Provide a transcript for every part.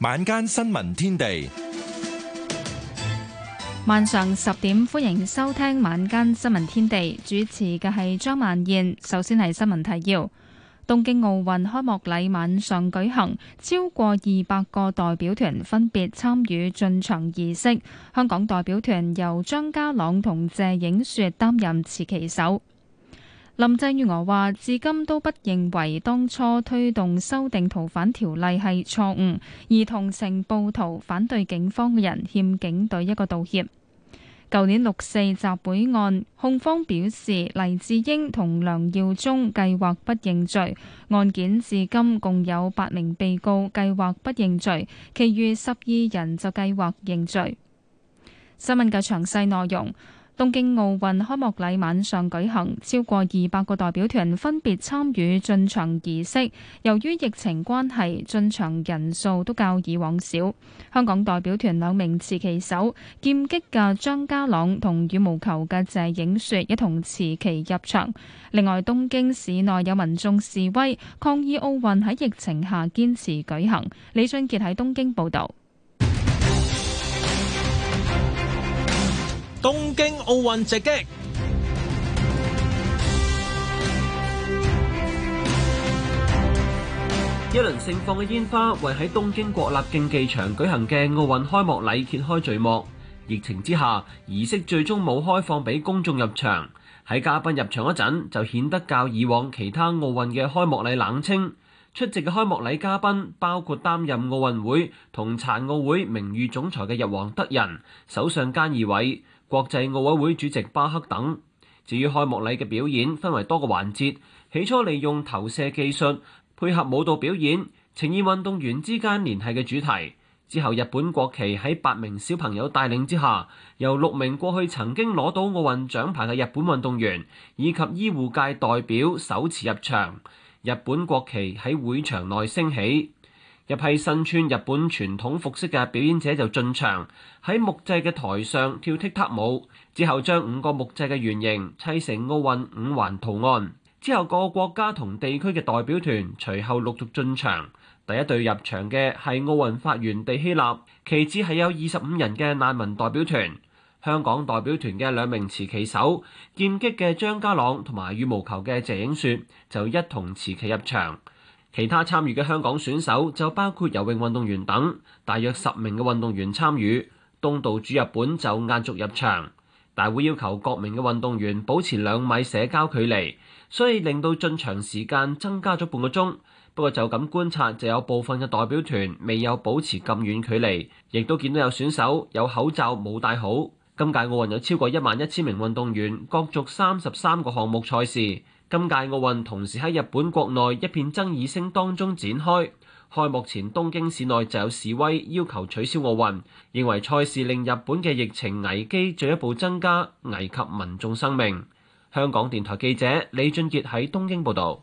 晚間新聞天地，晚上十點歡迎收聽晚間新聞天地，主持嘅係張曼燕。首先係新聞提要：東京奧運開幕禮晚上舉行，超過二百個代表團分別參與進場儀式。香港代表團由張家朗同謝影雪擔任持旗手。林鄭月娥話：至今都不認為當初推動修訂逃犯條例係錯誤，而同情暴徒反對警方嘅人欠警隊一個道歉。舊年六四集會案，控方表示黎智英同梁耀忠計劃不認罪。案件至今共有八名被告計劃不認罪，其餘十二人就計劃認罪。新聞嘅詳細內容。東京奧運開幕禮晚上舉行，超過二百個代表團分別參與進場儀式。由於疫情關係，進場人數都較以往少。香港代表團兩名持旗手，劍擊嘅張家朗同羽毛球嘅謝影雪一同持旗入場。另外，東京市內有民眾示威，抗議奧運喺疫情下堅持舉行。李俊傑喺東京報導。東京奧運直擊，一輪盛放嘅煙花為喺東京國立競技場舉行嘅奧運開幕禮揭開序幕。疫情之下，儀式最終冇開放俾公眾入場。喺嘉賓入場嗰陣，就顯得較以往其他奧運嘅開幕禮冷清。出席嘅開幕禮嘉賓包括擔任奧運會同殘奧會名譽總裁嘅日皇德仁，首相菅義偉，國際奧委會主席巴克等。至於開幕禮嘅表演，分為多個環節。起初利用投射技術配合舞蹈表演，呈現運動員之間聯繫嘅主題。之後，日本國旗喺八名小朋友帶領之下，由六名過去曾經攞到奧運獎牌嘅日本運動員以及醫護界代表手持入場，日本國旗喺會場內升起。一批身穿日本傳統服飾嘅表演者就進場，喺木製嘅台上跳踢踏舞，之後將五個木製嘅圓形砌成奧運五環圖案。之後各個國家同地區嘅代表團隨後陸續進場。第一隊入場嘅係奧運發源地希臘，其次係有二十五人嘅難民代表團，香港代表團嘅兩名持旗手，劍擊嘅張家朗同埋羽毛球嘅謝影雪就一同持旗入場。其他參與嘅香港選手就包括游泳運動員等，大約十名嘅運動員參與。東道主日本就壓軸入場。大會要求各名嘅運動員保持兩米社交距離，所以令到進場時間增加咗半個鐘。不過就咁觀察，就有部分嘅代表團未有保持咁遠距離，亦都見到有選手有口罩冇戴好。今屆奧運有超過一萬一千名運動員，角逐三十三個項目賽事。今屆奧運同時喺日本國內一片爭議聲當中展開，開，開幕前東京市內就有示威要求取消奧運，認為賽事令日本嘅疫情危機進一步增加，危及民眾生命。香港電台記者李俊傑喺東京報導。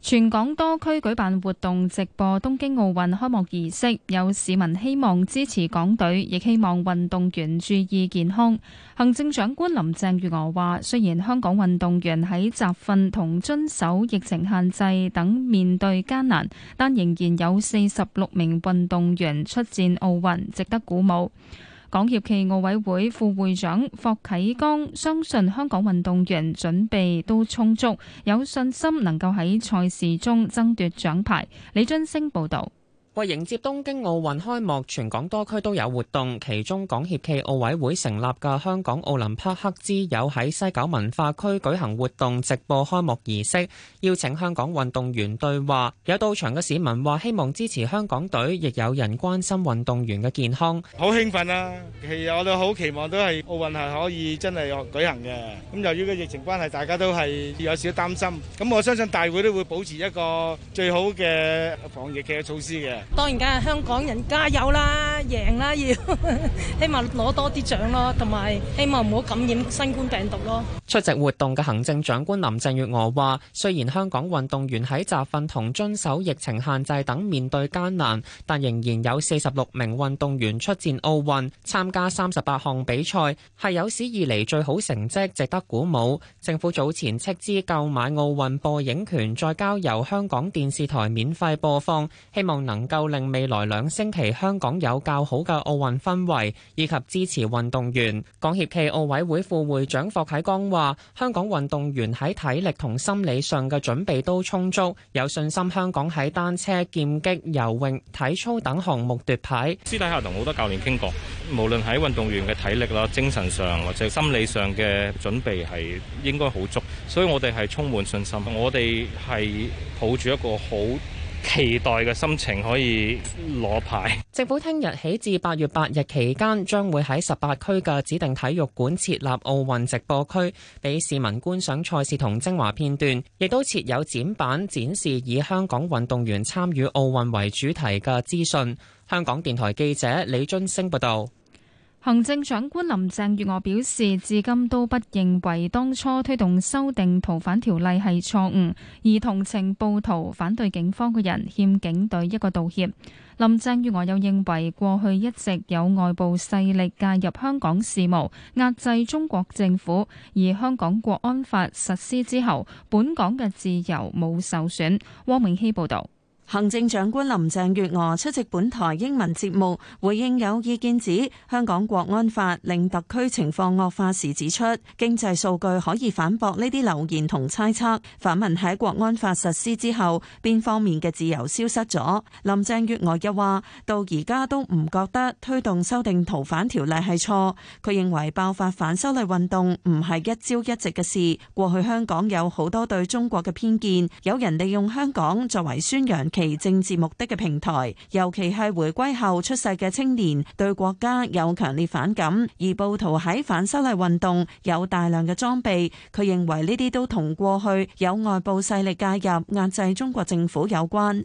全港多區舉辦活動直播東京奧運開幕儀式，有市民希望支持港隊，亦希望運動員注意健康。行政長官林鄭月娥話：雖然香港運動員喺集訓同遵守疫情限制等面對艱難，但仍然有四十六名運動員出戰奧運，值得鼓舞。港協暨奧委會副會長霍啟剛相信香港運動員準備都充足，有信心能夠喺賽事中爭奪獎牌。李津星報導。為迎接東京奧運開幕，全港多區都有活動。其中，港協暨奧委會成立嘅香港奧林匹克之友喺西九文化區舉行活動，直播開幕儀式，邀請香港運動員對話。有到場嘅市民話：希望支持香港隊，亦有人關心運動員嘅健康。好興奮啊！其實我哋好期望都係奧運係可以真係舉行嘅。咁由於嘅疫情關係，大家都係有少少擔心。咁我相信大會都會保持一個最好嘅防疫嘅措施嘅。當然梗係香港人加油啦，贏啦要，希望攞多啲獎咯，同埋希望唔好感染新冠病毒咯。出席活動嘅行政長官林鄭月娥話，雖然香港運動員喺集訓同遵守疫情限制等面對艱難，但仍然有四十六名運動員出戰奧運，參加三十八項比賽，係有史以嚟最好成績，值得鼓舞。政府早前斥資購買奧運播映權，再交由香港電視台免費播放，希望能夠，就令未來兩星期香港有較好嘅奧運氛圍，以及支持運動員。港協暨奧委會副會長霍啟剛話：香港運動員喺體力同心理上嘅準備都充足，有信心香港喺單車、劍擊、游泳、體操等項目奪牌。私底下同好多教練傾過，無論喺運動員嘅體力啦、精神上或者心理上嘅準備係應該好足，所以我哋係充滿信心。我哋係抱住一個好。期待嘅心情可以攞牌。政府聽日起至八月八日期間，將會喺十八區嘅指定體育館設立奧運直播區，俾市民觀賞賽事同精華片段，亦都設有展板展示以香港運動員參與奧運為主題嘅資訊。香港電台記者李津升報道。行政長官林鄭月娥表示，至今都不認為當初推動修訂逃犯條例係錯誤，而同情暴徒、反對警方嘅人欠警隊一個道歉。林鄭月娥又認為，過去一直有外部勢力介入香港事務，壓制中國政府，而香港國安法實施之後，本港嘅自由冇受損。汪明熙報導。行政長官林鄭月娥出席本台英文節目，回應有意見指香港國安法令特區情況惡化時指出，經濟數據可以反駁呢啲流言同猜測。反問喺國安法實施之後，邊方面嘅自由消失咗？林鄭月娥又話：到而家都唔覺得推動修訂逃犯條例係錯。佢認為爆發反修例運動唔係一朝一夕嘅事。過去香港有好多對中國嘅偏見，有人利用香港作為宣揚其政治目的嘅平台，尤其係回歸後出世嘅青年對國家有強烈反感，而暴徒喺反修例運動有大量嘅裝備。佢認為呢啲都同過去有外部勢力介入壓制中國政府有關。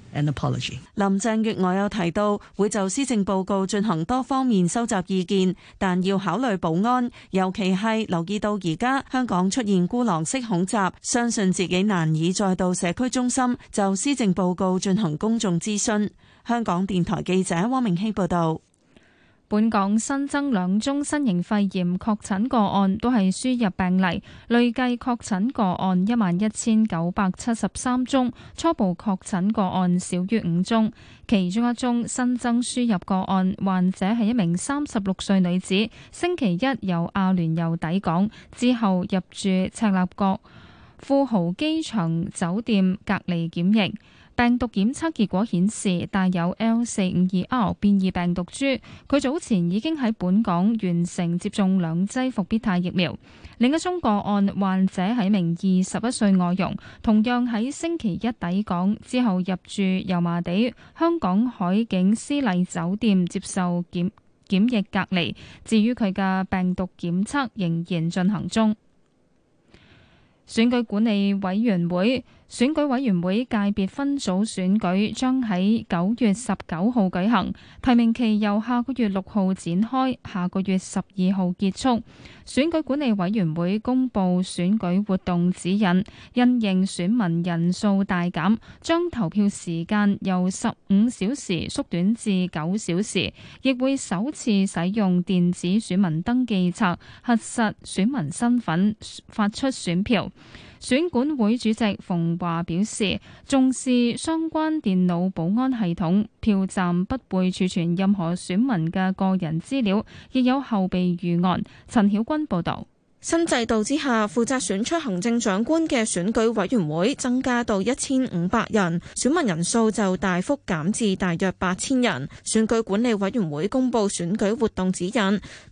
林鄭月娥有提到會就施政報告進行多方面收集意見，但要考慮保安，尤其係留意到而家香港出現孤狼式恐襲，相信自己難以再到社區中心就施政報告進行公眾諮詢。香港電台記者汪明熙報道。本港新增兩宗新型肺炎確診個案，都係輸入病例，累計確診個案一萬一千九百七十三宗，初步確診個案少於五宗。其中一宗新增輸入個案，患者係一名三十六歲女子，星期一由阿聯酋抵港，之後入住赤鱲角富豪機場酒店隔離檢疫。病毒檢測結果顯示，帶有 L 四五二 R 變異病毒株，佢早前已經喺本港完成接種兩劑復必泰疫苗。另一宗個案患者係名二十一歲外傭，同樣喺星期一抵港，之後入住油麻地香港海景絲麗酒店接受檢檢疫隔離。至於佢嘅病毒檢測仍然進行中。選舉管理委員會。選舉委員會界別分組選舉將喺九月十九號舉行，提名期由下個月六號展開，下個月十二號結束。選舉管理委員會公佈選舉活動指引，因應選民人數大減，將投票時間由十五小時縮短至九小時，亦會首次使用電子選民登記冊，核實選民身份，發出選票。選管會主席馮華表示，重視相關電腦保安系統，票站不會儲存任何選民嘅個人資料，亦有後備預案。陳曉君報導。新制度之下，負責選出行政長官嘅選舉委員會增加到一千五百人，選民人數就大幅減至大約八千人。選舉管理委員會公布選舉活動指引，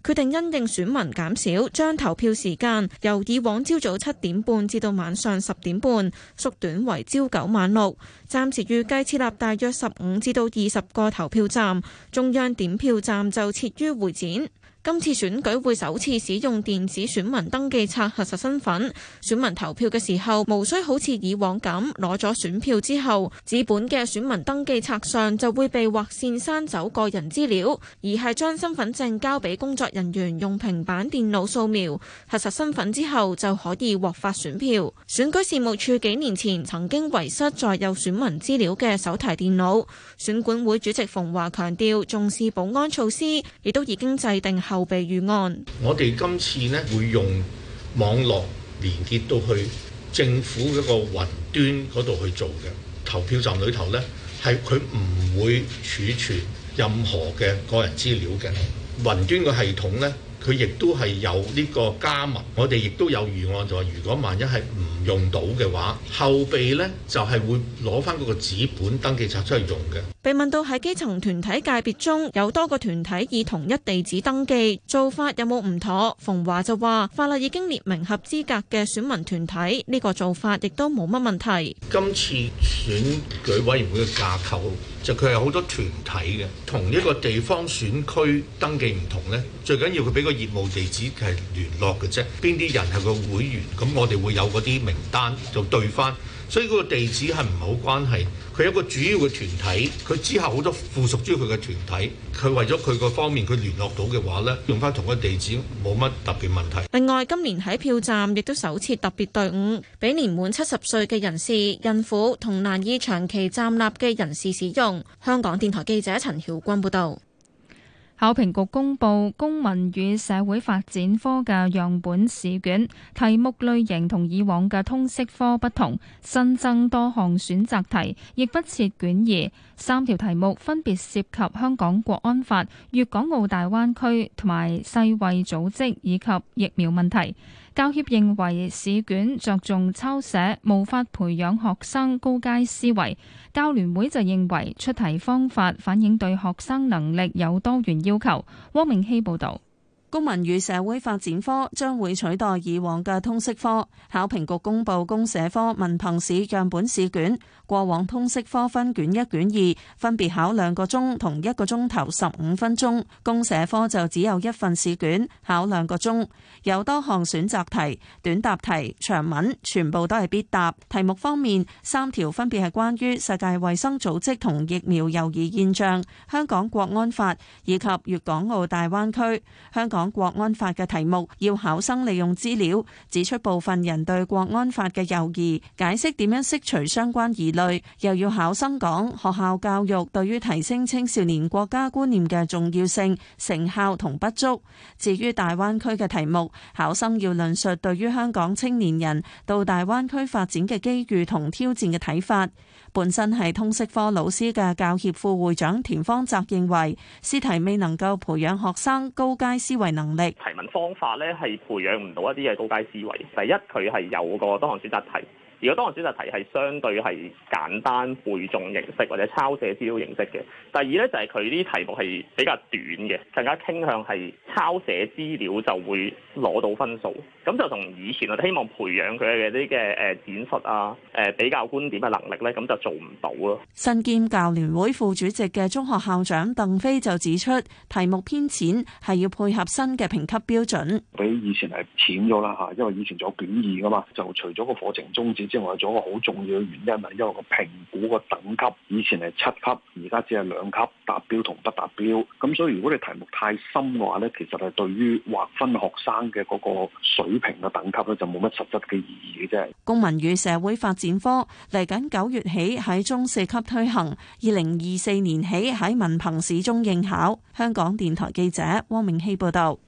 決定因應選民減少，將投票時間由以往朝早七點半至到晚上十點半縮短為朝九晚六。暫時預計設立大約十五至到二十個投票站，中央點票站就設於會展。今次選舉會首次使用電子選民登記冊核實身份，選民投票嘅時候無需好似以往咁攞咗選票之後，紙本嘅選民登記冊上就會被劃線刪走個人資料，而係將身份證交俾工作人員用平板電腦掃描核實身份之後就可以獲發選票。選舉事務處幾年前曾經遺失載有選民資料嘅手提電腦，選管會主席馮驊強調重視保安措施，亦都已經制定後備預案，我哋今次呢，會用網絡連結到去政府嗰個雲端嗰度去做嘅，投票站裏頭呢，係佢唔會儲存任何嘅個人資料嘅雲端嘅系統呢。佢亦都係有呢個加密，我哋亦都有預案，就係如果萬一係唔用到嘅話，後備呢就係會攞翻嗰個紙本登記冊出嚟用嘅。被問到喺基層團體界別中有多個團體以同一地址登記，做法有冇唔妥？馮華就話：法律已經列明合資格嘅選民團體，呢個做法亦都冇乜問題。今次選舉委員會嘅架構。就佢有好多團體嘅，同一個地方選區登記唔同咧，最緊要佢俾個業務地址係聯絡嘅啫，邊啲人係個會員，咁我哋會有嗰啲名單，就對翻。所以嗰個地址係唔好關係，佢一個主要嘅團體，佢之後好多附屬於佢嘅團體，佢為咗佢個方面佢聯絡到嘅話咧，用翻同一地址冇乜特別問題。另外，今年喺票站亦都首次特別隊伍，俾年滿七十歲嘅人士、孕婦同難以長期站立嘅人士使用。香港電台記者陳曉君報道。考評局公布公民與社會發展科嘅樣本試卷，題目類型同以往嘅通識科不同，新增多項選擇題，亦不設卷二。三條題目分別涉及香港國安法、粵港澳大灣區同埋世衛組織以及疫苗問題。教協認為試卷着重抄寫，無法培養學生高階思維。教聯會就認為出題方法反映對學生能力有多元要求。汪明希報導。公民與社會發展科將會取代以往嘅通識科。考評局公布公社科文憑試樣本試卷。過往通識科分卷一、卷二，分別考兩個鐘同一個鐘頭十五分鐘。公社科就只有一份試卷，考兩個鐘，有多項選擇題、短答題、長文，全部都係必答。題目方面，三條分別係關於世界衛生組織同疫苗猶疑現象、香港國安法以及粵港澳大灣區。香港國安法嘅題目要考生利用資料指出部分人對國安法嘅猶疑，解釋點樣釋除相關疑慮。又要考生講學校教育對於提升青少年國家觀念嘅重要性、成效同不足。至於大灣區嘅題目，考生要論述對於香港青年人到大灣區發展嘅機遇同挑戰嘅睇法。本身係通識科老師嘅教協副會長田方澤認為，試題未能夠培養學生高階思維能力。提問方法呢係培養唔到一啲嘅高階思維。第一，佢係有個多項選擇題。如果當日選擇題係相對係簡單背誦形式或者抄寫資料形式嘅，第二呢，就係佢啲題目係比較短嘅，更加傾向係抄寫資料就會攞到分數。咁就同以前我哋希望培養佢嘅啲嘅誒展述啊、誒比較觀點嘅能力呢，咁就做唔到咯。新兼教聯會副主席嘅中學校長鄧飛就指出，題目偏淺係要配合新嘅評級標準，比以前係淺咗啦嚇，因為以前仲有卷二噶嘛，就除咗個課程宗旨之外，仲有個好重要嘅原因，係因為個評估個等級以前係七級，而家只係兩級達標同不達標，咁所以如果你題目太深嘅話咧，其實，係對於劃分學生嘅嗰個水平嘅等級咧，就冇乜實質嘅意義嘅啫。公民與社會發展科嚟緊九月起喺中四級推行，二零二四年起喺文憑試中應考。香港電台記者汪明熙報道。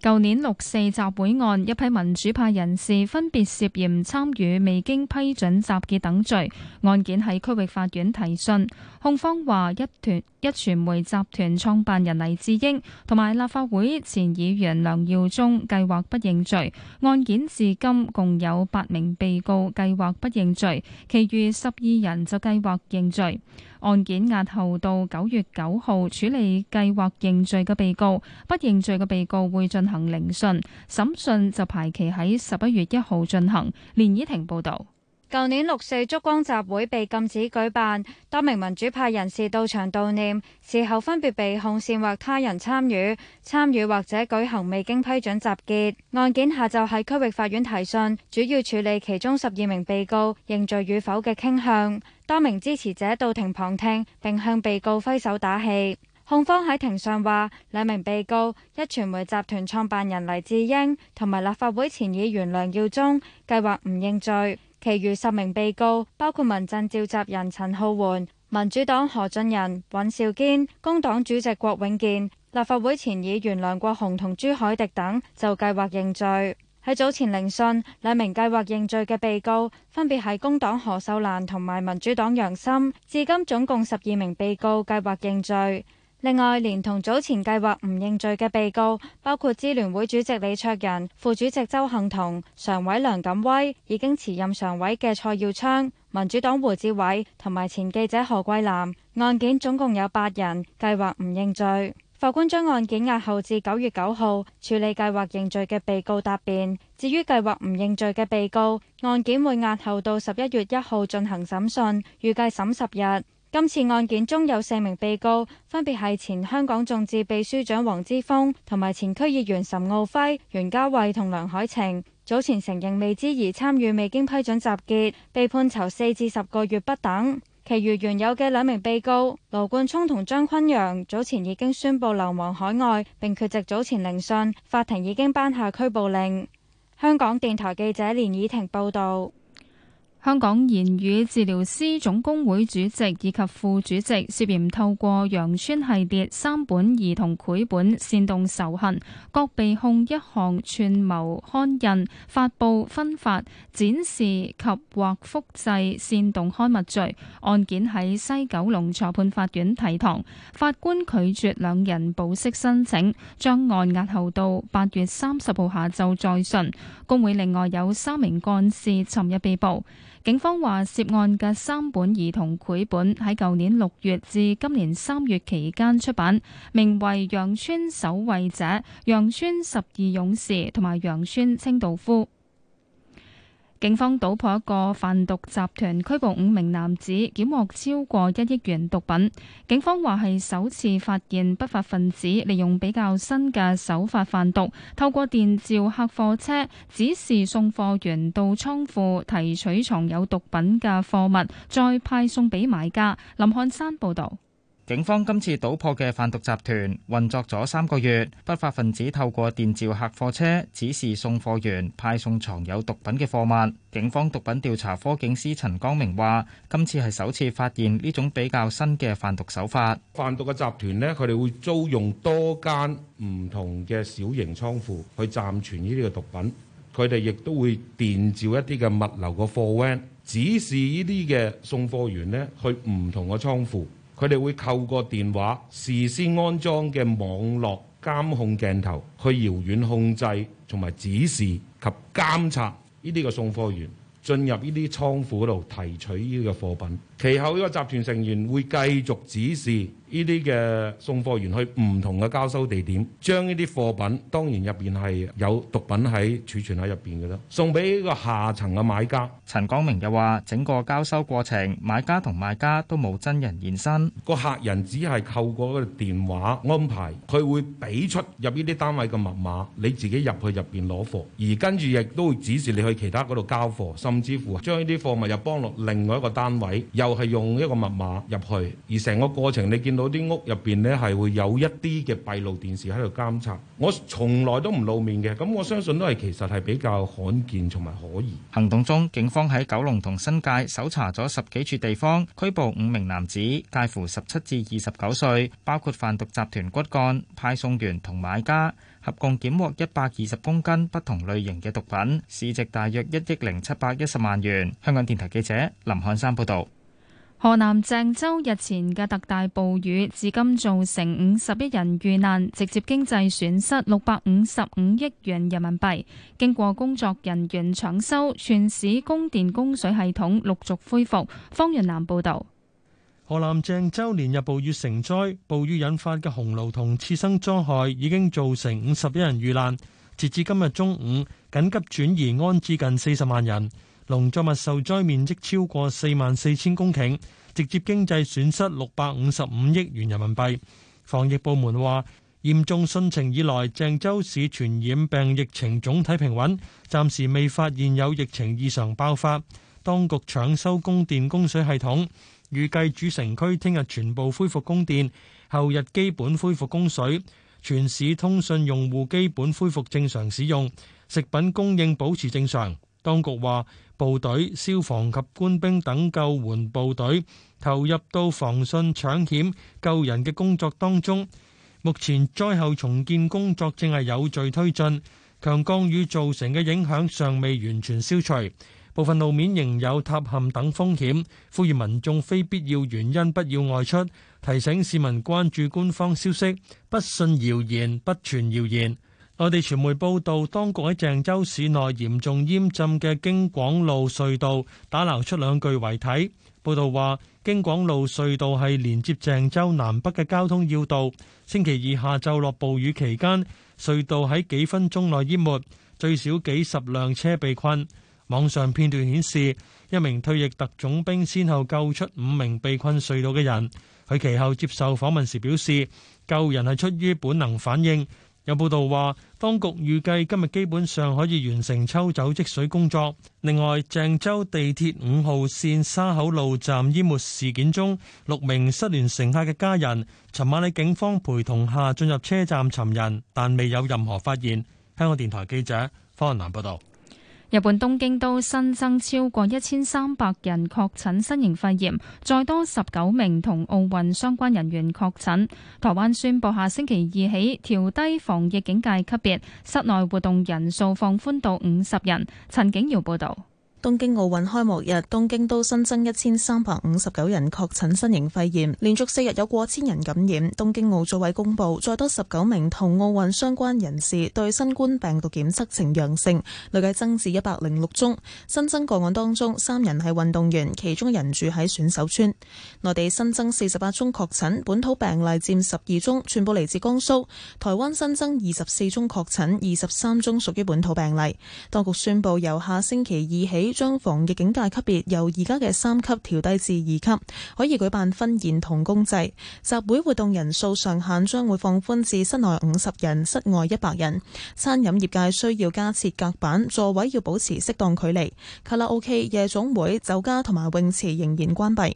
舊年六四集會案，一批民主派人士分別涉嫌參與未經批准集結等罪，案件喺區域法院提訊。控方話，一團壹傳媒集團創辦人黎智英同埋立法會前議員梁耀忠計劃不認罪。案件至今共有八名被告計劃不認罪，其餘十二人就計劃認罪。案件押後到九月九號處理，計劃認罪嘅被告，不認罪嘅被告會進行聆訊，審訊就排期喺十一月一號進行。連綺婷報道。舊年六四燭光集會被禁止舉辦，多名民主派人士到場悼念，事後分別被控煽惑他人參與、參與或者舉行未經批准集結。案件下晝喺區域法院提訊，主要處理其中十二名被告認罪與否嘅傾向。多名支持者到庭旁聽，並向被告揮手打氣。控方喺庭上話，兩名被告，壹傳媒集團創辦人黎智英同埋立法會前議員梁耀忠計劃唔認罪。其餘十名被告，包括民陣召集人陳皓桓、民主黨何俊仁、尹兆堅、工黨主席郭永健、立法會前議員梁國雄同朱凱迪等，就計劃認罪。喺早前聆訊，兩名計劃認罪嘅被告，分別係工黨何秀蘭同埋民主黨楊森。至今總共十二名被告計劃認罪。另外，連同早前計劃唔認罪嘅被告，包括支聯會主席李卓人、副主席鄒幸彤、常委梁錦威，已經辭任常委嘅蔡耀昌、民主黨胡志偉同埋前記者何桂藍，案件總共有八人計劃唔認罪。法官將案件押後至九月九號處理計劃認罪嘅被告答辯。至於計劃唔認罪嘅被告，案件會押後到十一月一號進行審訊，預計審十日。今次案件中有四名被告，分別係前香港眾志秘書長黃之鋒、同埋前區議員岑敖暉、袁嘉蔚同梁凱晴。早前承認未知而參與未經批准集結，被判囚四至十個月不等。其餘原有嘅兩名被告羅冠聰同張崑陽，早前已經宣布流亡海外並缺席，早前聆訊，法庭已經頒下拘捕令。香港電台記者連倚婷報道。香港言語治療師總工會主席以及副主席涉嫌透過羊村系列三本兒童繪本煽動仇恨，各被控一項串謀刊印、發布、分發、展示、及或複製煽動刊物罪。案件喺西九龍裁判法院提堂，法官拒絕兩人保釋申請，將案押後到八月三十號下晝再訊。工會另外有三名幹事尋日被捕。警方話，涉案嘅三本兒童繪本喺舊年六月至今年三月期間出版，名為《羊村守衛者》、《羊村十二勇士》同埋《羊村清道夫》。警方搗破一個販毒集團，拘捕五名男子，檢獲超過一億元毒品。警方話係首次發現不法分子利用比較新嘅手法販毒，透過電召客貨車指示送貨員到倉庫提取藏有毒品嘅貨物，再派送俾買家。林漢山報道。警方今次搗破嘅販毒集團運作咗三個月，不法分子透過電召客貨車指示送貨員派送藏有毒品嘅貨物。警方毒品調查科警司陳光明話，今次係首次發現呢種比較新嘅販毒手法。販毒嘅集團呢，佢哋會租用多間唔同嘅小型倉庫去暫存呢啲嘅毒品。佢哋亦都會電召一啲嘅物流嘅貨 van 指示呢啲嘅送貨員呢去唔同嘅倉庫。佢哋會透過電話事先安裝嘅網絡監控鏡頭，去遙遠控制同埋指示及監察呢啲嘅送貨員進入呢啲倉庫嗰度提取呢個貨品。其後呢個集團成員會繼續指示。呢啲嘅送貨員去唔同嘅交收地點，將呢啲貨品當然入邊係有毒品喺儲存喺入邊嘅啦，送俾個下層嘅買家。陳光明又話：整個交收過程，買家同賣家都冇真人現身，個客人只係透過個電話安排，佢會俾出入呢啲單位嘅密碼，你自己入去入邊攞貨，而跟住亦都會指示你去其他嗰度交貨，甚至乎將呢啲貨物又幫落另外一個單位，又係用一個密碼入去，而成個過程你見。到啲屋入邊呢，係會有一啲嘅閉路電視喺度監察。我從來都唔露面嘅，咁我相信都係其實係比較罕見，同埋可疑。行動中，警方喺九龍同新界搜查咗十幾處地方，拘捕五名男子，介乎十七至二十九歲，包括販毒集團骨幹、派送員同買家，合共檢獲一百二十公斤不同類型嘅毒品，市值大約一億零七百一十萬元。香港電台記者林漢山報道。河南鄭州日前嘅特大暴雨，至今造成五十一人遇難，直接經濟損失六百五十五億元人民幣。經過工作人員搶修，全市供電供水系統陸續恢復。方潤南報道：河南鄭州連日暴雨成災，暴雨引發嘅洪澇同次生災害已經造成五十一人遇難。截至今日中午，緊急轉移安置近四十萬人。農作物受災面積超過四萬四千公頃，直接經濟損失六百五十五億元人民幣。防疫部門話，嚴重汛情以來，鄭州市傳染病疫情總體平穩，暫時未發現有疫情異常爆發。當局搶修供電供水系統，預計主城區聽日全部恢復供電，後日基本恢復供水，全市通訊用戶基本恢復正常使用，食品供應保持正常。當局話。部隊、消防及官兵等救援部隊投入到防汛搶險、救人嘅工作當中。目前災後重建工作正係有序推進，強降雨造成嘅影響尚未完全消除，部分路面仍有塌陷等風險。呼籲民眾非必要原因不要外出，提醒市民關注官方消息，不信謠言，不傳謠言。內地傳媒報道，當局喺鄭州市內嚴重淹浸嘅京廣路隧道打撈出兩具遺體。報道話，京廣路隧道係連接鄭州南北嘅交通要道。星期二下晝落暴雨期間，隧道喺幾分鐘內淹沒，最少幾十輛車被困。網上片段顯示，一名退役特種兵先後救出五名被困隧道嘅人。佢其後接受訪問時表示，救人係出於本能反應。有報道話，當局預計今日基本上可以完成抽走積水工作。另外，鄭州地鐵五號線沙口路站淹沒事件中，六名失聯乘客嘅家人，尋晚喺警方陪同下進入車站尋人，但未有任何發現。香港電台記者方雲南報道。日本東京都新增超過一千三百人確診新型肺炎，再多十九名同奧運相關人員確診。台灣宣布下星期二起調低防疫警戒級別，室內活動人數放寬到五十人。陳景瑤報道。東京奧運開幕日，東京都新增一千三百五十九人確診新型肺炎，連續四日有過千人感染。東京奧組委公布，再多十九名同奧運相關人士對新冠病毒檢測呈陽性，累計增至一百零六宗。新增個案當中，三人係運動員，其中人住喺選手村。內地新增四十八宗確診，本土病例占十二宗，全部嚟自江蘇。台灣新增二十四宗確診，二十三宗屬於本土病例。當局宣布，由下星期二起，將防疫警戒級別由而家嘅三級調低至二級，可以舉辦婚宴同公祭，集會活動人數上限將會放寬至室內五十人，室外一百人。餐飲業界需要加設隔板，座位要保持適當距離。卡拉 O.K. 夜總會、酒家同埋泳池仍然關閉。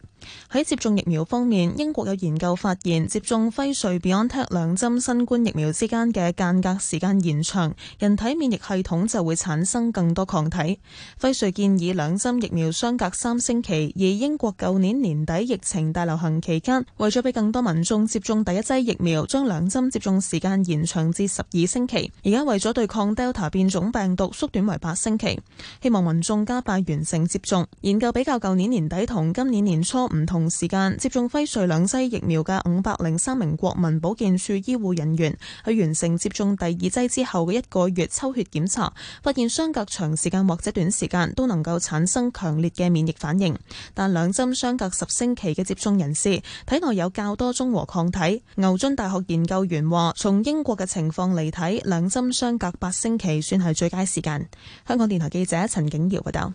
喺接種疫苗方面，英國有研究發現，接種輝瑞 BioNTech 兩針新冠疫苗之間嘅間隔時間延長，人體免疫系統就會產生更多抗體。輝瑞。建議兩針疫苗相隔三星期，而英國舊年年底疫情大流行期間，為咗俾更多民眾接種第一劑疫苗，將兩針接種時間延長至十二星期，而家為咗對抗 Delta 變種病毒，縮短為八星期。希望民眾加快完成接種。研究比較舊年年底同今年年初唔同時間接種輝瑞兩劑疫苗嘅五百零三名國民保健署醫護人員，去完成接種第二劑之後嘅一個月抽血檢查，發現相隔長時間或者短時間都。能夠產生強烈嘅免疫反應，但兩針相隔十星期嘅接種人士，體內有較多中和抗體。牛津大學研究員話，從英國嘅情況嚟睇，兩針相隔八星期算係最佳時間。香港電台記者陳景堯報道。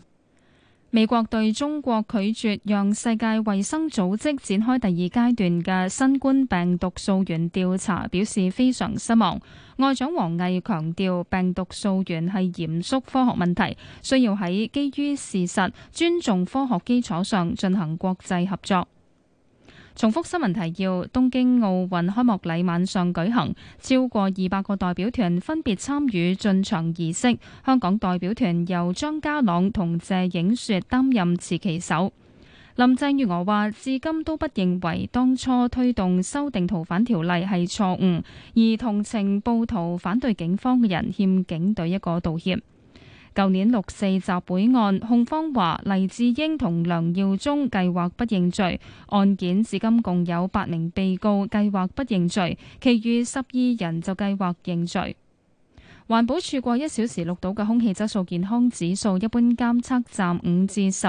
美國對中國拒絕讓世界衛生組織展開第二階段嘅新冠病毒溯源調查表示非常失望。外長王毅強調，病毒溯源係嚴肅科學問題，需要喺基於事實、尊重科學基礎上進行國際合作。重複新聞提要：東京奧運開幕禮晚上舉行，超過二百個代表團分別參與進場儀式。香港代表團由張家朗同謝影雪擔任持旗手。林鄭月娥話：至今都不認為當初推動修訂逃犯條例係錯誤，而同情暴徒反對警方嘅人欠警隊一個道歉。舊年六四集會案，控方話黎智英同梁耀忠計劃不認罪。案件至今共有八名被告計劃不認罪，其餘十二人就計劃認罪。環保署過一小時錄到嘅空氣質素健康指數，一般監測站五至十，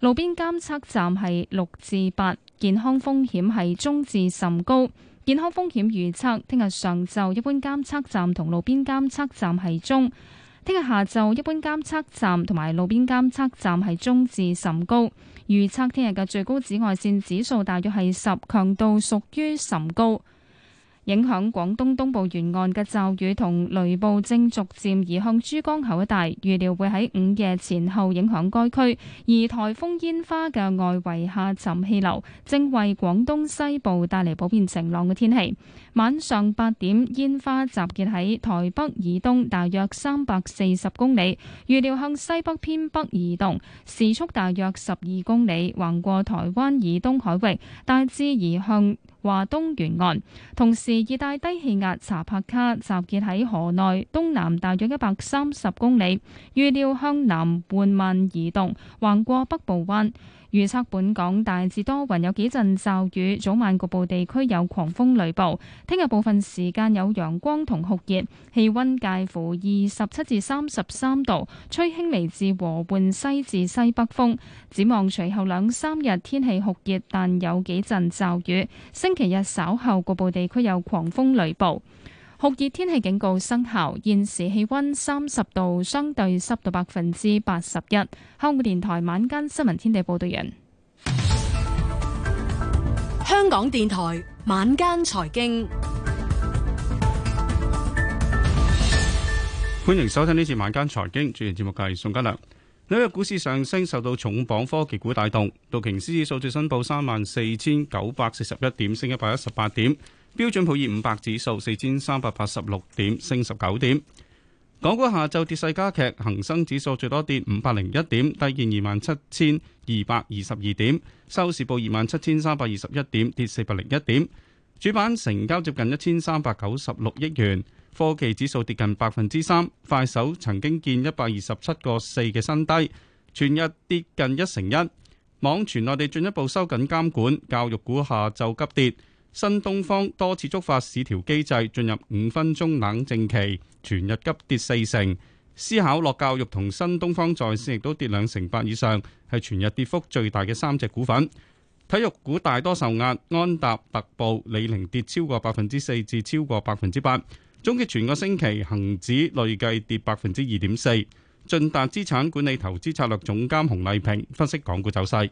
路邊監測站係六至八，健康風險係中至甚高。健康風險預測，聽日上晝一般監測站同路邊監測站係中，聽日下晝，一般監測站同埋路邊監測站係中至甚高，預測聽日嘅最高紫外線指數大約係十，強度屬於甚高。影響廣東東部沿岸嘅驟雨同雷暴正逐漸移向珠江口一帶，預料會喺午夜前後影響該區。而台風煙花嘅外圍下沉氣流正為廣東西部帶嚟普遍晴朗嘅天氣。晚上八點，煙花集結喺台北以東大約三百四十公里，預料向西北偏北移動，時速大約十二公里，橫過台灣以東海域，大致移向。華東沿岸。同時熱帶低氣壓查帕卡集結喺河內東南大約一百三十公里，預料向南緩慢移動，橫過北部灣。預測本港大致多雲，有幾陣驟雨，早晚局部地區有狂風雷暴。聽日部分時間有陽光同酷熱，氣温介乎二十七至三十三度，吹輕微至和緩西至西北風。展望隨後兩三日天氣酷熱，但有幾陣驟雨。星期日稍後局部地區有狂風雷暴。酷熱天氣警告生效，現時氣溫三十度，相對濕度百分之八十一。香港電台晚間新聞天地報道人，香港電台晚間財經，歡迎收聽呢次晚間財經，主持節目嘅係宋家良。紐約股市上升，受到重磅科技股帶動。道瓊斯指數最新報三萬四千九百四十一點，升一百一十八點。標準普爾五百指數四千三百八十六點，升十九點。港股下晝跌勢加劇，恒生指數最多跌五百零一點，低見二萬七千二百二十二點，收市報二萬七千三百二十一點，跌四百零一點。主板成交接近一千三百九十六億元。科技指數跌近百分之三，快手曾經見一百二十七個四嘅新低，全日跌近一成一。網傳內地進一步收緊監管，教育股下晝急跌，新東方多次觸發市調機制，進入五分鐘冷靜期，全日急跌四成。思考樂教育同新東方在線亦都跌兩成八以上，係全日跌幅最大嘅三隻股份。體育股大多受壓，安踏、特步、李寧跌超過百分之四至超過百分之八。總結全個星期，恒指累計跌百分之二點四。駿達資產管理投資策略總監洪麗萍分析港股走勢。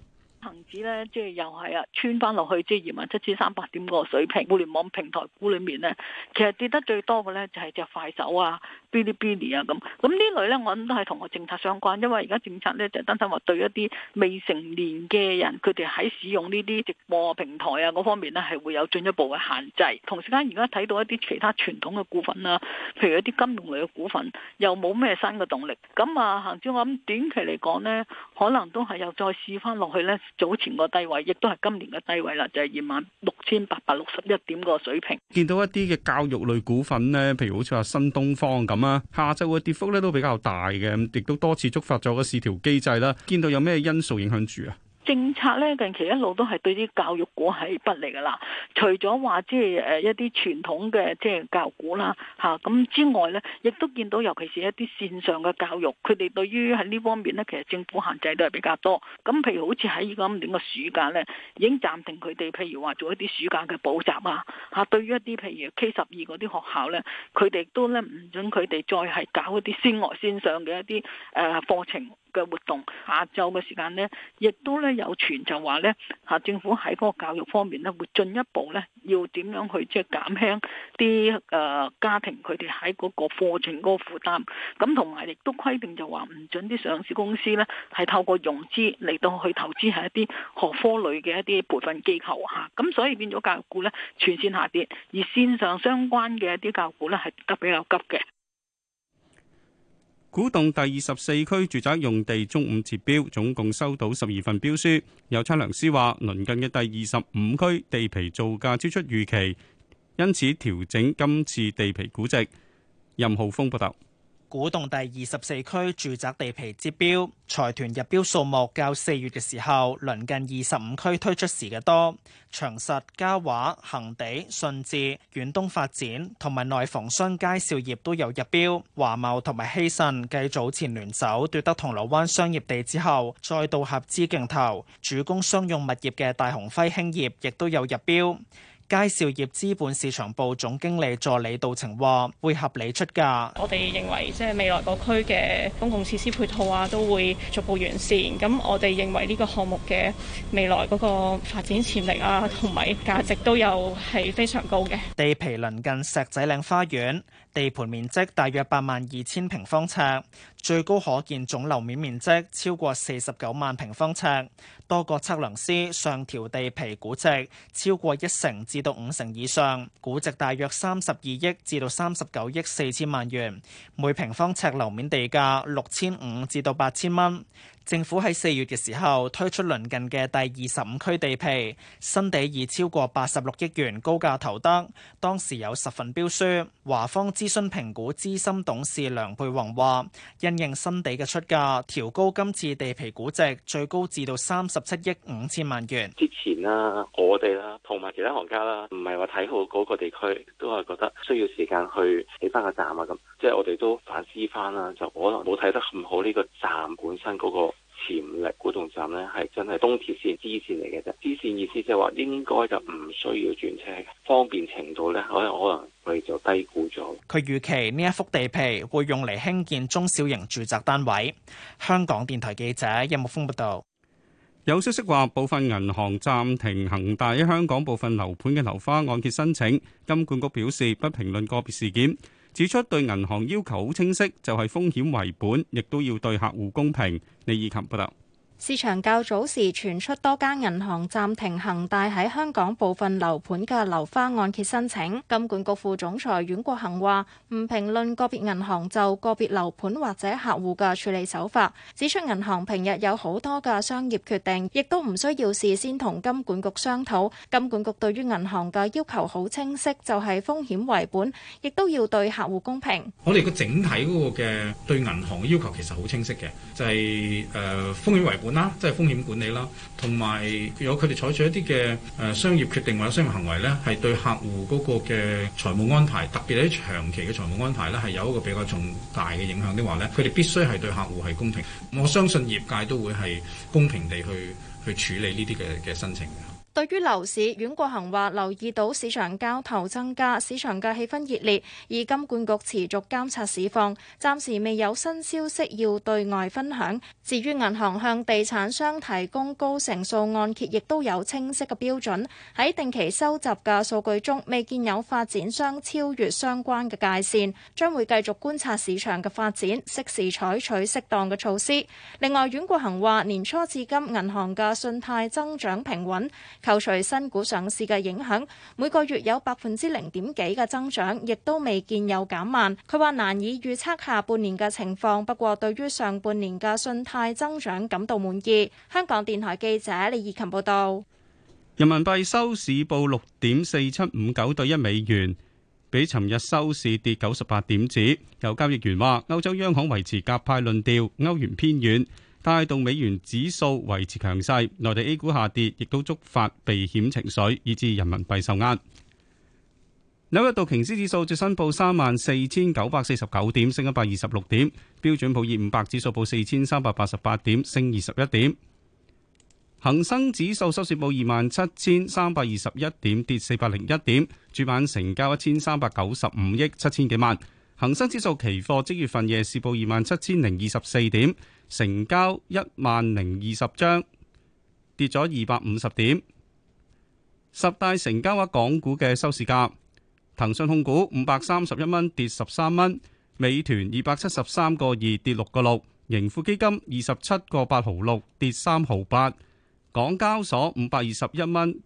咧即係又係啊，穿翻落去即係二萬七千三百點個水平。互聯網平台股裡面呢，其實跌得最多嘅呢，就係隻快手啊、Bilibili 啊咁。咁呢類呢，我諗都係同個政策相關，因為而家政策呢，就單單話對一啲未成年嘅人，佢哋喺使用呢啲直播平台啊嗰方面呢，係會有進一步嘅限制。同時間而家睇到一啲其他傳統嘅股份啦、啊，譬如一啲金融類嘅股份又冇咩新嘅動力。咁啊，恆指我諗短期嚟講呢，可能都係又再試翻落去呢。早。前個低位亦都係今年嘅低位啦，就係二萬六千八百六十一點個水平。見到一啲嘅教育類股份呢，譬如好似話新東方咁啊，下晝嘅跌幅咧都比較大嘅，亦都多次觸發咗個市調機制啦。見到有咩因素影響住啊？政策咧近期一路都係對啲教育股係不利噶啦，除咗話即係誒一啲傳統嘅即係教育股啦，吓咁之外咧，亦都見到尤其是一啲綫上嘅教育，佢哋對於喺呢方面咧，其實政府限制都係比較多。咁譬如好似喺今年嘅暑假咧，已經暫停佢哋，譬如話做一啲暑假嘅補習啊，吓對於一啲譬如 K 十二嗰啲學校咧，佢哋都咧唔准佢哋再係搞一啲先外綫上嘅一啲誒課程。嘅活動，下晝嘅時間呢，亦都呢有傳就話呢，嚇政府喺嗰個教育方面呢，會進一步呢，要點樣去即係減輕啲誒、呃、家庭佢哋喺嗰個課程嗰個負擔。咁同埋亦都規定就話唔準啲上市公司呢，係透過融資嚟到去投資喺一啲學科類嘅一啲培訓機構嚇，咁所以變咗教育股呢，全線下跌，而線上相關嘅一啲教育股呢，係急比較急嘅。古洞第二十四區住宅用地中午截標，總共收到十二份標書。有測量師話，鄰近嘅第二十五區地皮造價超出預期，因此調整今次地皮估值。任浩峰報道。古洞第二十四區住宅地皮截標，財團入標數目較四月嘅時候，鄰近二十五區推出時嘅多。長實、嘉華、恒地、信置、遠東發展同埋內房商佳兆業都有入標。華懋同埋希慎繼早前聯手奪得銅鑼灣商業地之後，再度合資競投。主攻商用物業嘅大鴻輝興業亦都有入標。佳兆業資本市場部總經理助理杜晴話，會合理出價。我哋認為，即係未來個區嘅公共設施配套啊，都會逐步完善。咁我哋認為呢個項目嘅未來嗰個發展潛力啊，同埋價值都有係非常高嘅。地皮鄰近石仔嶺花園。地盤面積大約八萬二千平方尺，最高可見總樓面面積超過四十九萬平方尺。多個測量師上調地皮估值，超過一成至到五成以上，估值大約三十二億至到三十九億四千萬元，每平方尺樓面地價六千五至到八千蚊。8, 政府喺四月嘅時候推出鄰近嘅第二十五區地皮，新地以超過八十六億元高價投得，當時有十份標書。華方諮詢評估資深董事梁佩宏話，因應新地嘅出價調高今次地皮估值，最高至到三十七億五千萬元。之前啦，我哋啦，同埋其他行家啦，唔係話睇好嗰個地區，都係覺得需要時間去起翻個站啊。咁即係我哋都反思翻啦，就可能冇睇得咁好呢個站本身嗰個。潛力古洞站呢係真係東鐵線支線嚟嘅啫。支線意思就係話，應該就唔需要轉車，方便程度呢，可能可能我哋就低估咗。佢預期呢一幅地皮會用嚟興建中小型住宅單位。香港電台記者任木峯報道。有消息話，部分銀行暫停恒大喺香港部分樓盤嘅樓花按揭申請。金管局表示不評論個別事件。指出對銀行要求好清晰，就係風險為本，亦都要對客戶公平。李以琴報道。市場較早時傳出多間銀行暫停恒大喺香港部分樓盤嘅樓花按揭申請。金管局副總裁阮國恒話：唔評論個別銀行就個別樓盤或者客戶嘅處理手法。指出銀行平日有好多嘅商業決定，亦都唔需要事先同金管局商討。金管局對於銀行嘅要求好清晰，就係風險為本，亦都要對客戶公平。我哋個整體嗰個嘅對銀行要求其實好清晰嘅，就是，就係誒風險為本。啦，即係、啊就是、風險管理啦，同埋如果佢哋採取一啲嘅誒商業決定或者商業行為呢，係對客戶嗰個嘅財務安排，特別係啲長期嘅財務安排呢，係有一個比較重大嘅影響的話呢，佢哋必須係對客戶係公平。我相信業界都會係公平地去去處理呢啲嘅嘅申請。對於樓市，阮國恒話留意到市場交投增加，市場嘅氣氛熱烈，而金管局持續監察市況，暫時未有新消息要對外分享。至於銀行向地產商提供高成數按揭，亦都有清晰嘅標準。喺定期收集嘅數據中，未見有發展商超越相關嘅界線，將會繼續觀察市場嘅發展，適時採取適當嘅措施。另外，阮國恒話年初至今，銀行嘅信貸增長平穩。扣除新股上市嘅影響，每個月有百分之零點幾嘅增長，亦都未見有減慢。佢話難以預測下半年嘅情況，不過對於上半年嘅信貸增長感到滿意。香港電台記者李以琴報道。人民幣收市報六點四七五九對一美元，比尋日收市跌九十八點子。有交易員話，歐洲央行維持鴿派論調，歐元偏軟。帶動美元指數維持強勢，內地 A 股下跌，亦都觸發避險情緒，以致人民幣受壓。紐約道瓊斯指數最新報三萬四千九百四十九點，升一百二十六點；標準普爾五百指數報四千三百八十八點，升二十一點；恒生指數收市報二萬七千三百二十一點，跌四百零一點。主板成交一千三百九十五億七千幾萬。恒生指數期貨即月份夜市報二萬七千零二十四點。成交一萬零二十張，跌咗二百五十點。十大成交額港股嘅收市價：騰訊控股五百三十一蚊，跌十三蚊；美團二百七十三個二，跌六個六；盈富基金二十七個八毫六，跌三毫八；港交所五百二十一蚊，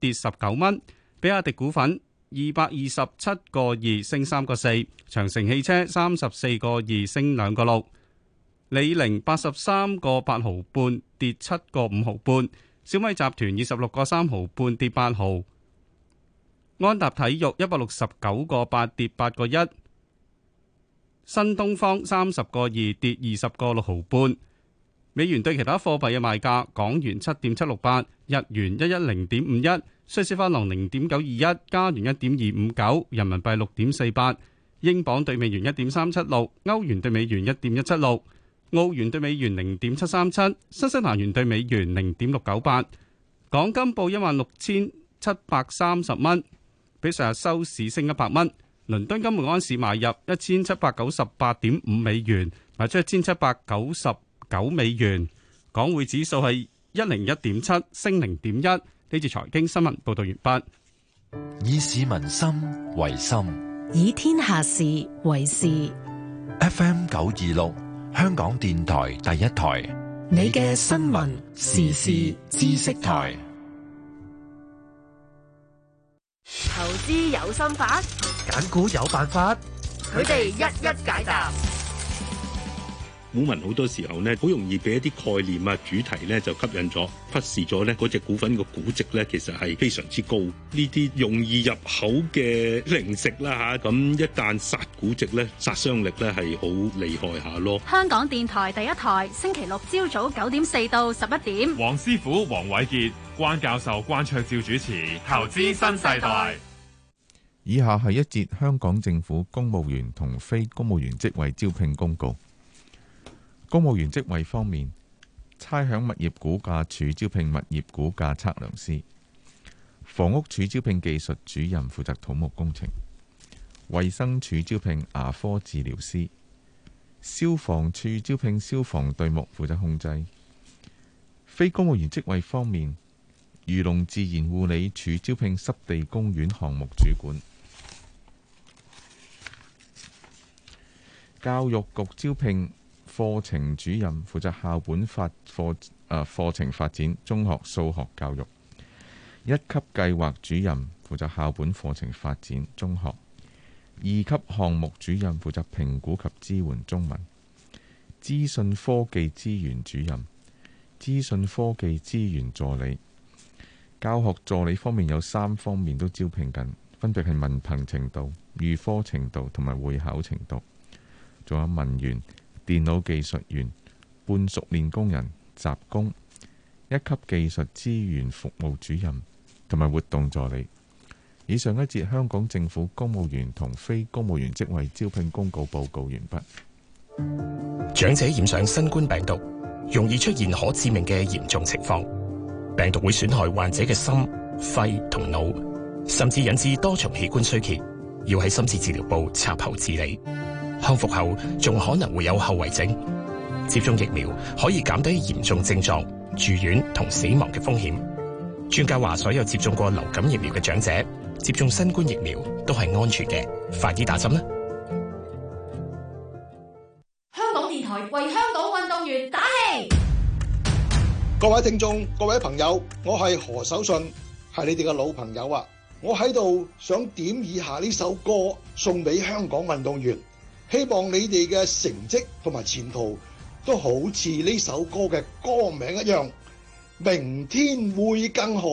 跌十九蚊；比亞迪股份二百二十七個二，升三個四；長城汽車三十四個二，升兩個六。李寧八十三個八毫半，跌七個五毫半，小米集團二十六個三毫半，跌八毫，安踏體育一百六十九個八，跌八個一，新東方三十個二，跌二十個六毫半。美元對其他貨幣嘅賣價：港元七點七六八，日元一一零點五一，瑞士法郎零點九二一，加元一點二五九，人民幣六點四八，英鎊對美元一點三七六，歐元對美元一點一七六。澳元兌美元零點七三七，新西蘭元兌美元零點六九八。港金報一萬六千七百三十蚊，比上日收市升一百蚊。倫敦金每盎司買入一千七百九十八點五美元，賣出一千七百九十九美元。港匯指數係一零一點七，升零點一。呢次財經新聞報道完畢。以市民心為心，以天下事為事。F.M. 九二六。香港電台第一台，你嘅新聞時事知識台，投資有心法，揀股有辦法，佢哋一一解答。股民好多時候呢，好容易俾一啲概念啊、主題呢就吸引咗，忽視咗呢嗰隻股份嘅估值呢，其實係非常之高。呢啲容易入口嘅零食啦嚇，咁、啊、一旦殺估值呢，殺傷力呢係好厲害下咯。香港電台第一台，星期六朝早九點四到十一點，黃師傅黃偉傑、關教授關卓照主持《投資新世代》。以下係一節香港政府公務員同非公務員職位招聘公告。公務員職位方面，差餉物業估價署招聘物業估價測量師，房屋署招聘技術主任負責土木工程，衞生署招聘牙科治療師，消防處招聘消防隊目負責控制。非公務員職位方面，漁農自然護理署招聘濕地公園項目主管，教育局招聘。課程主任負責校本發課課程發展中學數學教育。一級計劃主任負責校本課程發展中學二級項目主任負責評估及支援中文。資訊科技資源主任資訊科技資源助理。教學助理方面有三方面都招聘緊，分別係文憑程度、預科程度同埋會考程度，仲有文員。電腦技術員、半熟練工人、雜工、一級技術資源服務主任同埋活動助理。以上一節香港政府公務員同非公務員職位招聘公告報告完畢。長者染上新冠病毒，容易出現可致命嘅嚴重情況。病毒會損害患者嘅心、肺同腦，甚至引致多重器官衰竭，要喺深切治療部插喉治理。康復後仲可能會有後遺症。接種疫苗可以減低嚴重症狀、住院同死亡嘅風險。專家話，所有接種過流感疫苗嘅長者，接種新冠疫苗都係安全嘅。快啲打針啦！香港電台為香港運動員打氣。各位聽眾、各位朋友，我係何守信，係你哋嘅老朋友啊！我喺度想點以下呢首歌，送俾香港運動員。希望你哋嘅成績同埋前途都好似呢首歌嘅歌名一樣，明天會更好。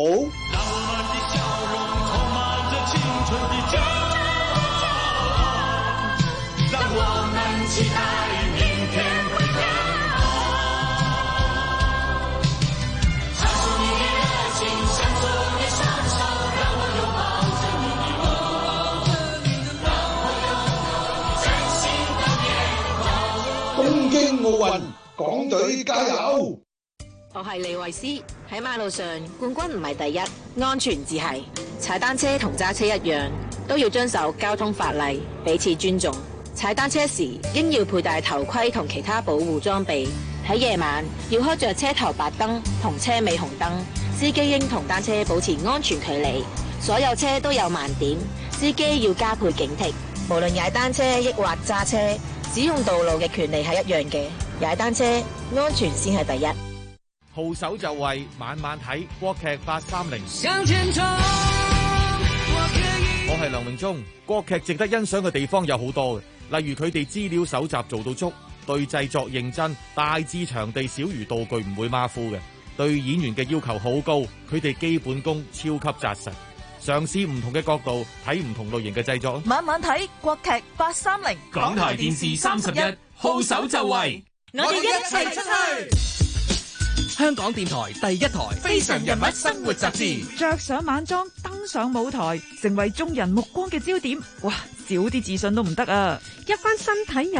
京奧運，港隊加油！我係李慧詩。喺馬路上冠軍唔係第一，安全至係。踩單車同揸車一樣，都要遵守交通法例，彼此尊重。踩單車時應要佩戴頭盔同其他保護裝備。喺夜晚要開着車頭白燈同車尾紅燈。司機應同單車保持安全距離。所有車都有盲點，司機要加倍警惕。無論踩單車抑或揸車。使用道路嘅權利係一樣嘅，踩單車安全先係第一。號手就位，晚晚睇國劇八三零。我係梁榮忠，國劇值得欣賞嘅地方有好多嘅，例如佢哋資料搜集做到足，對製作認真，大至場地，小如道具唔會馬虎嘅，對演員嘅要求好高，佢哋基本功超級紮實。嘗試唔同嘅角度睇唔同類型嘅製作，晚晚睇國劇八三零，港台電視三十一，號手就位，我哋一齊出去。出去香港電台第一台《非常人物生活雜誌》，着上晚裝登上舞台，成為眾人目光嘅焦點。哇，少啲自信都唔得啊！一番身體。